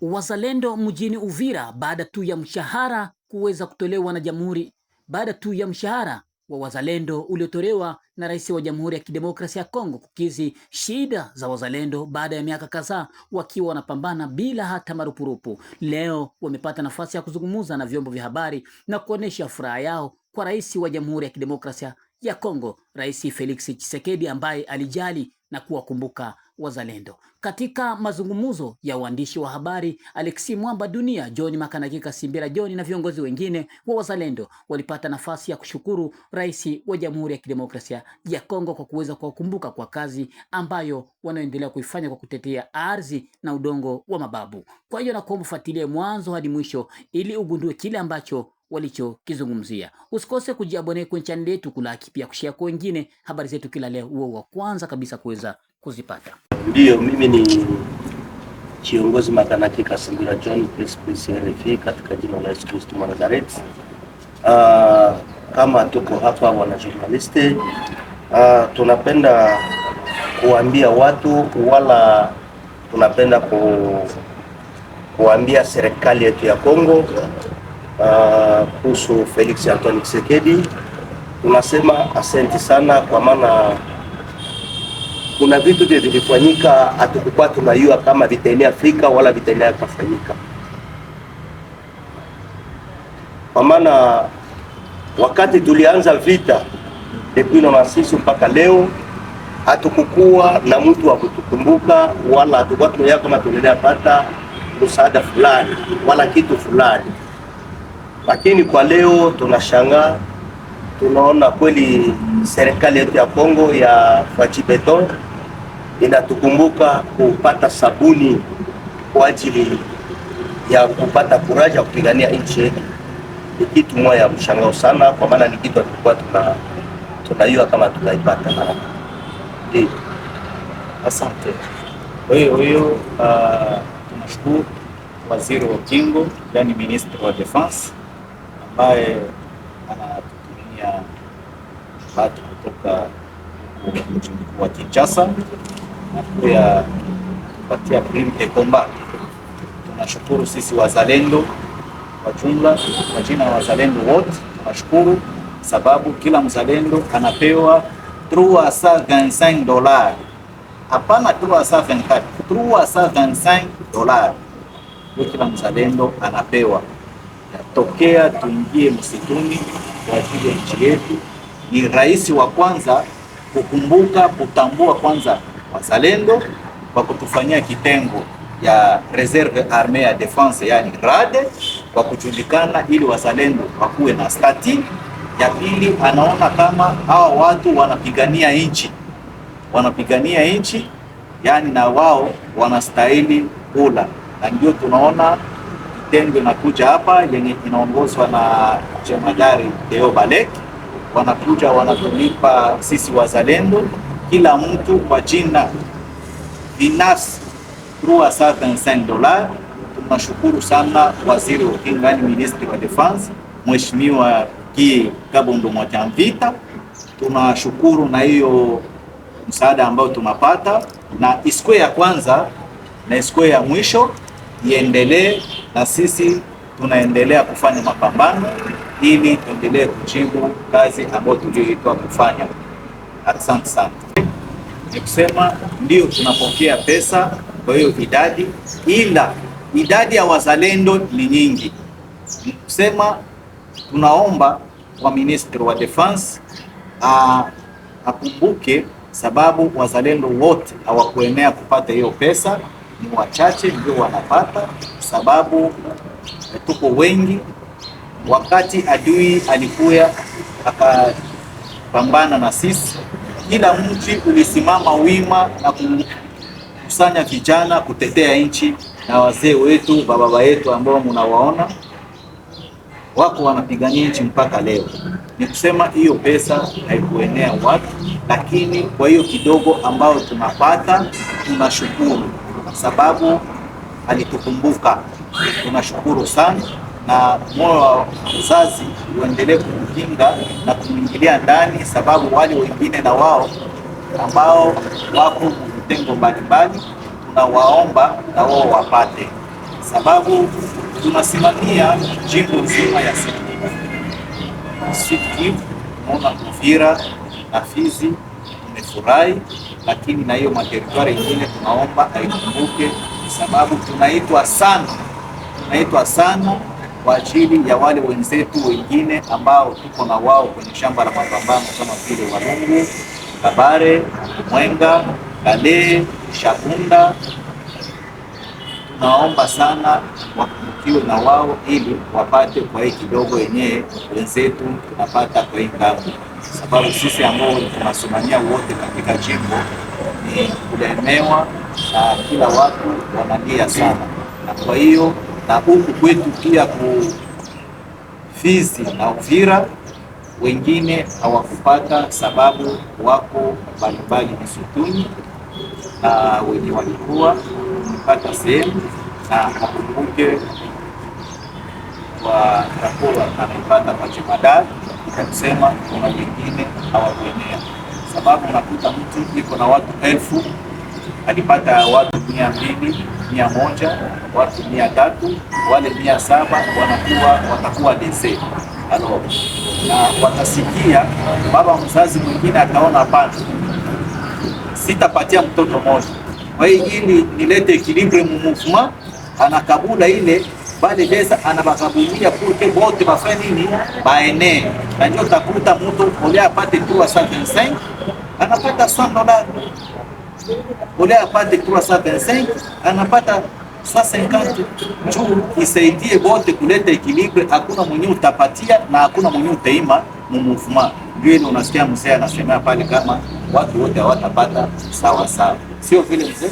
wazalendo mjini Uvira baada tu ya mshahara kuweza kutolewa na jamhuri, baada tu ya mshahara wa wazalendo uliotolewa na rais wa Jamhuri ya Kidemokrasia ya Kongo kukizi shida za wazalendo baada ya miaka kadhaa wakiwa wanapambana bila hata marupurupu. Leo wamepata nafasi ya kuzungumza na vyombo vya habari na kuonesha furaha yao kwa rais wa Jamhuri ya Kidemokrasia ya Kongo, Rais Felix Tshisekedi ambaye alijali na kuwakumbuka wazalendo. Katika mazungumzo ya uandishi wa habari, Alexi Mwamba Dunia, John Makanakika Simbira John na viongozi wengine wa wazalendo walipata nafasi ya kushukuru Rais wa Jamhuri ya Kidemokrasia ya Kongo kwa kuweza kuwakumbuka kwa kazi ambayo wanaendelea kuifanya kwa kutetea ardhi na udongo wa mababu. Kwa hiyo nakuomba fuatilie mwanzo hadi mwisho ili ugundue kile ambacho walichokizungumzia. Usikose kujiabonea kwenye chaneli yetu, kulaki pia kushare kwa wengine habari zetu kila leo, huo wa kwanza kabisa kuweza kuzipata. Ndiyo, mimi ni kiongozi Makanaki Kasambira John rf katika jina la Yesu Kristo Nazareti. Uh, ah, kama tuko hapa wanajournaliste uh, ah, tunapenda kuambia watu wala tunapenda ku, kuambia serikali yetu ya Kongo ah, kuhusu Felix Antoine Tshisekedi tunasema asante sana kwa maana kuna vitu vya vilifanyika, hatukukuwa tunajua kama vitaenea Afrika wala vitaenea kufanyika. Kwa maana wakati tulianza vita depuis na sisi mpaka leo hatukukuwa na mtu wa kutukumbuka wala hatukuwa tunajua kama tunaendelea pata msaada fulani wala kitu fulani, lakini kwa leo tunashangaa, tunaona kweli serikali yetu ya Kongo ya fachibeton inatukumbuka kupata sabuni kwa ajili ya kupata kuraja kupigania nchi yetu. Ni kitu moja ya mshangao sana, kwa maana ni kitu tulikuwa tuna tunajua kama tunaipata. Ndio, asante. Kwa hiyo huyo, ah, tunashukuru waziri wa ukingo, yani minister wa defense, ambaye anatutumia watu kutoka mji mkuu wa Kinshasa nashukuru ya kupatia Komba. Tunashukuru sisi wazalendo kwa jumla, kwa jina ya wazalendo wote tunashukuru, sababu kila mzalendo anapewa 325 dola, hapana 324, 325 dola kila mzalendo anapewa tokea tuingie msituni kwa ajili ya nchi yetu. Ni rais wa kwanza kukumbuka kutambua kwanza wazalendo kwa kutufanyia kitengo ya reserve armee ya defense yani RADE kwa kujulikana, ili wazalendo wakuwe na stati. Ya pili, anaona kama hawa watu wanapigania nchi, wanapigania nchi yani na wao wanastahili kula, na ndio tunaona kitengo inakuja hapa yenye inaongozwa na jemadari Deo Balek, wanakuja wanatulipa sisi wazalendo kila mtu kwa jina binafsi kwa dola. Tunashukuru sana Waziri wa Kinga, yani Ministri wa Defense, Mheshimiwa Guy Kabondo Mwakavita. Tunashukuru na hiyo msaada ambao tunapata, na isikwe ya kwanza na isikwe ya mwisho, iendelee na sisi tunaendelea kufanya mapambano ili tuendelee kujibu kazi ambayo tulioitwa kufanya. Asante sana ni kusema ndio tunapokea pesa, kwa hiyo idadi, ila idadi ya wazalendo ni nyingi, ni kusema tunaomba kwa minister wa defense ah, akumbuke, sababu wazalendo wote hawakuenea kupata hiyo pesa, ni wachache ndio wanapata, sababu tuko wengi. Wakati adui alikuya akapambana na sisi kila mji ulisimama wima na kukusanya vijana kutetea nchi, na wazee wetu bababa yetu ambao mnawaona wako wanapigania nchi mpaka leo. Ni kusema hiyo pesa haikuenea watu, lakini kwa hiyo kidogo ambayo tunapata tunashukuru, sababu alitukumbuka. Tunashukuru sana na moyo wa mzazi uendelee kumkinga na kumwingilia ndani, sababu wale wengine na wao ambao wako vitengo mbalimbali tunawaomba na wao wapate, sababu tunasimamia jimbo nzima ya Sud-Kivu, mona Uvira na Fizi tumefurahi, lakini na hiyo materitwari ingine tunaomba aikumbuke, sababu tunaitwa sana, tunaitwa sana kwa ajili ya wale wenzetu wengine ambao tuko na wao kwenye shamba la mapambano kama vile Walungu, Kabare, Mwenga, Kale, Shabunda. Tunaomba sana wakumbukiwe na wao ili wapate kwa hii kidogo yenyewe wenzetu tunapata kwa hii ngamu, sababu sisi ambao tunasomania wote katika jimbo ni kulemewa na kila watu wanalia sana, na kwa hiyo na huku kwetu pia kufizi na Uvira wengine hawakupata sababu wako mbalimbali misutuni na wenye walikuwa wamepata sehemu, na wakumbuke wa takua anaipata kwa jemadari kusema kuna wengine hawakuenea, sababu unakuta mtu iko na watu elfu alipata watu mia mbili mia moja watu mia tatu wale mia saba wanakuwa watakuwa dese alo, na watasikia baba mzazi mwingine ataona pana, sitapatia mtoto moja. Kwa hiyo ili nilete ekilibre mu anakabula ile bale besa anabakabulia purke bote bafanye nini baene, na ndio takuta mtu ole apate 325 anapata 100 dola Bolea apate 325 anapata 150 juu isaidie bote kuleta ekilibre. Hakuna mwenye utapatia na hakuna mwenye utaima mumufuma. Ndio unasikia mzee anasemea pale kama watu wote hawatapata sawa sawa, sio vile mzee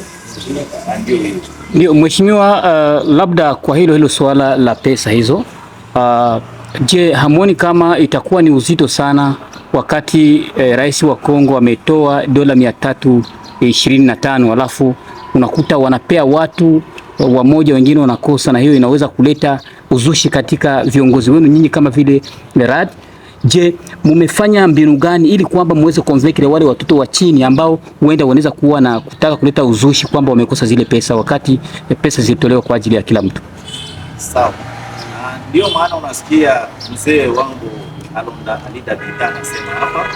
Ndio mheshimiwa, uh, labda kwa hilo hilo suala la pesa hizo uh, Je, hamuoni kama itakuwa ni uzito sana wakati eh, rais wa Kongo ametoa dola mia tatu ishirini na tano alafu unakuta wanapea watu wamoja wengine wanakosa, na hiyo inaweza kuleta uzushi katika viongozi wenu nyinyi kama vile Rad. Je, mumefanya mbinu gani ili kwamba muweze convince wale watoto wa chini ambao huenda wanaweza kuwa na kutaka kuleta uzushi kwamba wamekosa zile pesa wakati pesa zilitolewa kwa ajili ya kila mtu? Sawa. Ndiyo maana unasikia mzee wangu Alonda Alida Bita anasema hapa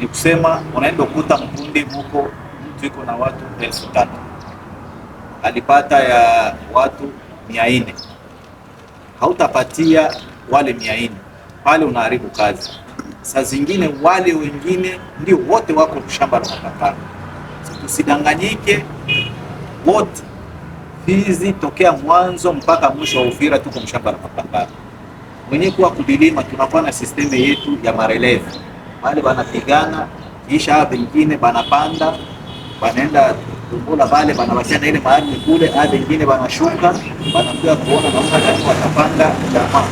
ni kusema, unaenda kukuta mkundi huko mtu iko na watu elfu tatu alipata ya watu mia nne hautapatia wale mia nne pale unaharibu kazi. Saa zingine wale wengine ndio wote wako shamba la mapapai. Tusidanganyike wote hizi tokea mwanzo mpaka mwisho wa Uvira tuko mshamba la mapapara Mwenye kuwa kubilima tunakuwa na sisteme yetu ya marelevu wale banapigana kisha bengine banapanda banaenda kumbola bale na ile mahali kule, a bengine banashuka banakuja kuona namna gani watapanda jamaa.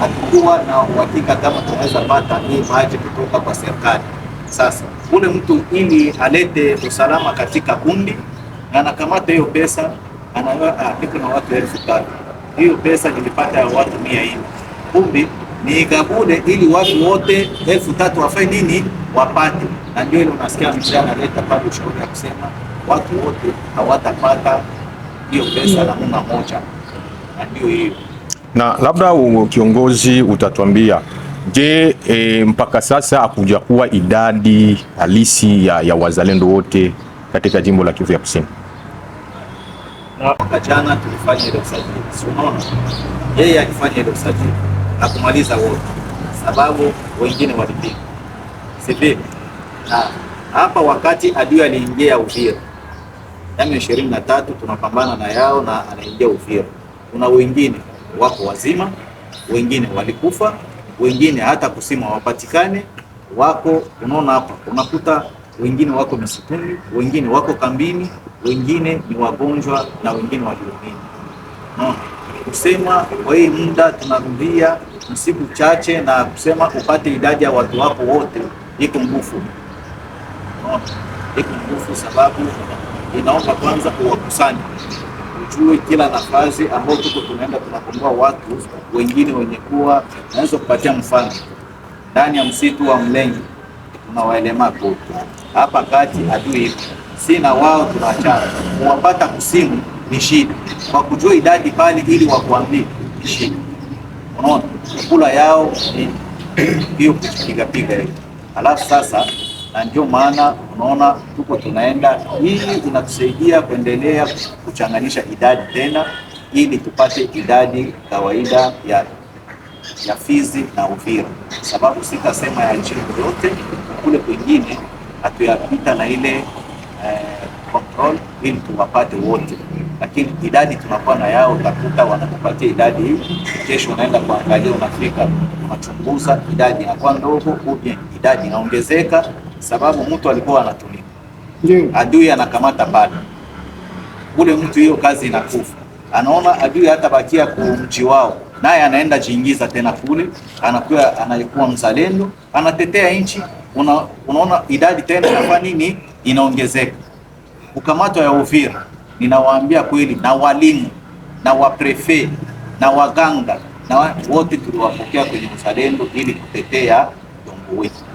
Hatukuwa na uhakika kama tunaweza pata hii maji kutoka kwa serikali. Sasa ule mtu ili alete usalama katika kundi na anakamata hiyo pesa anapika ah, na watu elfu tatu. Hiyo pesa nilipata ya watu mia nne, kumbe niigabule ili watu wote elfu tatu wafanye nini? Wapate. Na ndio ile unasikia mzee analeta pale ushauri ya kusema watu wote hawatapata hiyo pesa la mama moja, na ndio hiyo. Na labda kiongozi utatuambia Je, e, mpaka sasa hakuja kuwa idadi halisi ya, ya wazalendo wote katika jimbo la Kivu ya Kusini? Mwaka jana tulifanya ile usajili, si unaona, yeye akifanya ile usajili na kumaliza wote, sababu wengine walipinga, sivyo? Na hapa wakati adui aliingia Uvira yami ishirini na tatu tunapambana na yao na anaingia Uvira, kuna wengine wako wazima, wengine walikufa, wengine hata kusima wapatikane wako. Unaona hapa unakuta wengine wako misituni, wengine wako kambini, wengine ni wagonjwa na wengine walioumini. No. Kusema kwa hii muda tunarudia msiku chache na kusema upate idadi ya watu wako wote iko ngufu. No. Iko ngufu sababu inaomba kwanza uwakusanye, ujue kila nafasi ambao tuko tunaenda tunakomboa watu wengine wenye kuwa. Naweza kupatia mfano ndani ya msitu wa Mlenge tuna waelemavu hapa kati, adui sina wao tunachana kuwapata kusimu ni shida, kwa kujua idadi pale ili wakuambie ni shida. Unaona kula yao ni hiyo kupiga piga hiyo, alafu sasa na ndio maana unaona tuko tunaenda, hii inatusaidia kuendelea kuchanganisha idadi tena, ili tupate idadi kawaida ya ya Fizi na Uvira, sababu sitasema ya nchi yote kule kwengine hatuyapita na ile eh, control ili tuwapate wote, lakini idadi tunakuwa na yao, utakuta wanatupatia idadi hii. Kesho unaenda kuangalia, unafika unachunguza, idadi inakuwa ndogo, upya idadi inaongezeka, sababu mtu alikuwa anatumika, adui anakamata pale ule mtu, hiyo kazi inakufa. Anaona adui bakia kumji wao naye anaenda jiingiza tena kule, anakuwa anayekuwa mzalendo, anatetea nchi una, unaona idadi tena inafanya nini, inaongezeka. Ukamatwa ya Uvira, ninawaambia kweli, na walimu na waprefe na waganga na wote tuliwapokea kwenye uzalendo ili kutetea dongo wetu.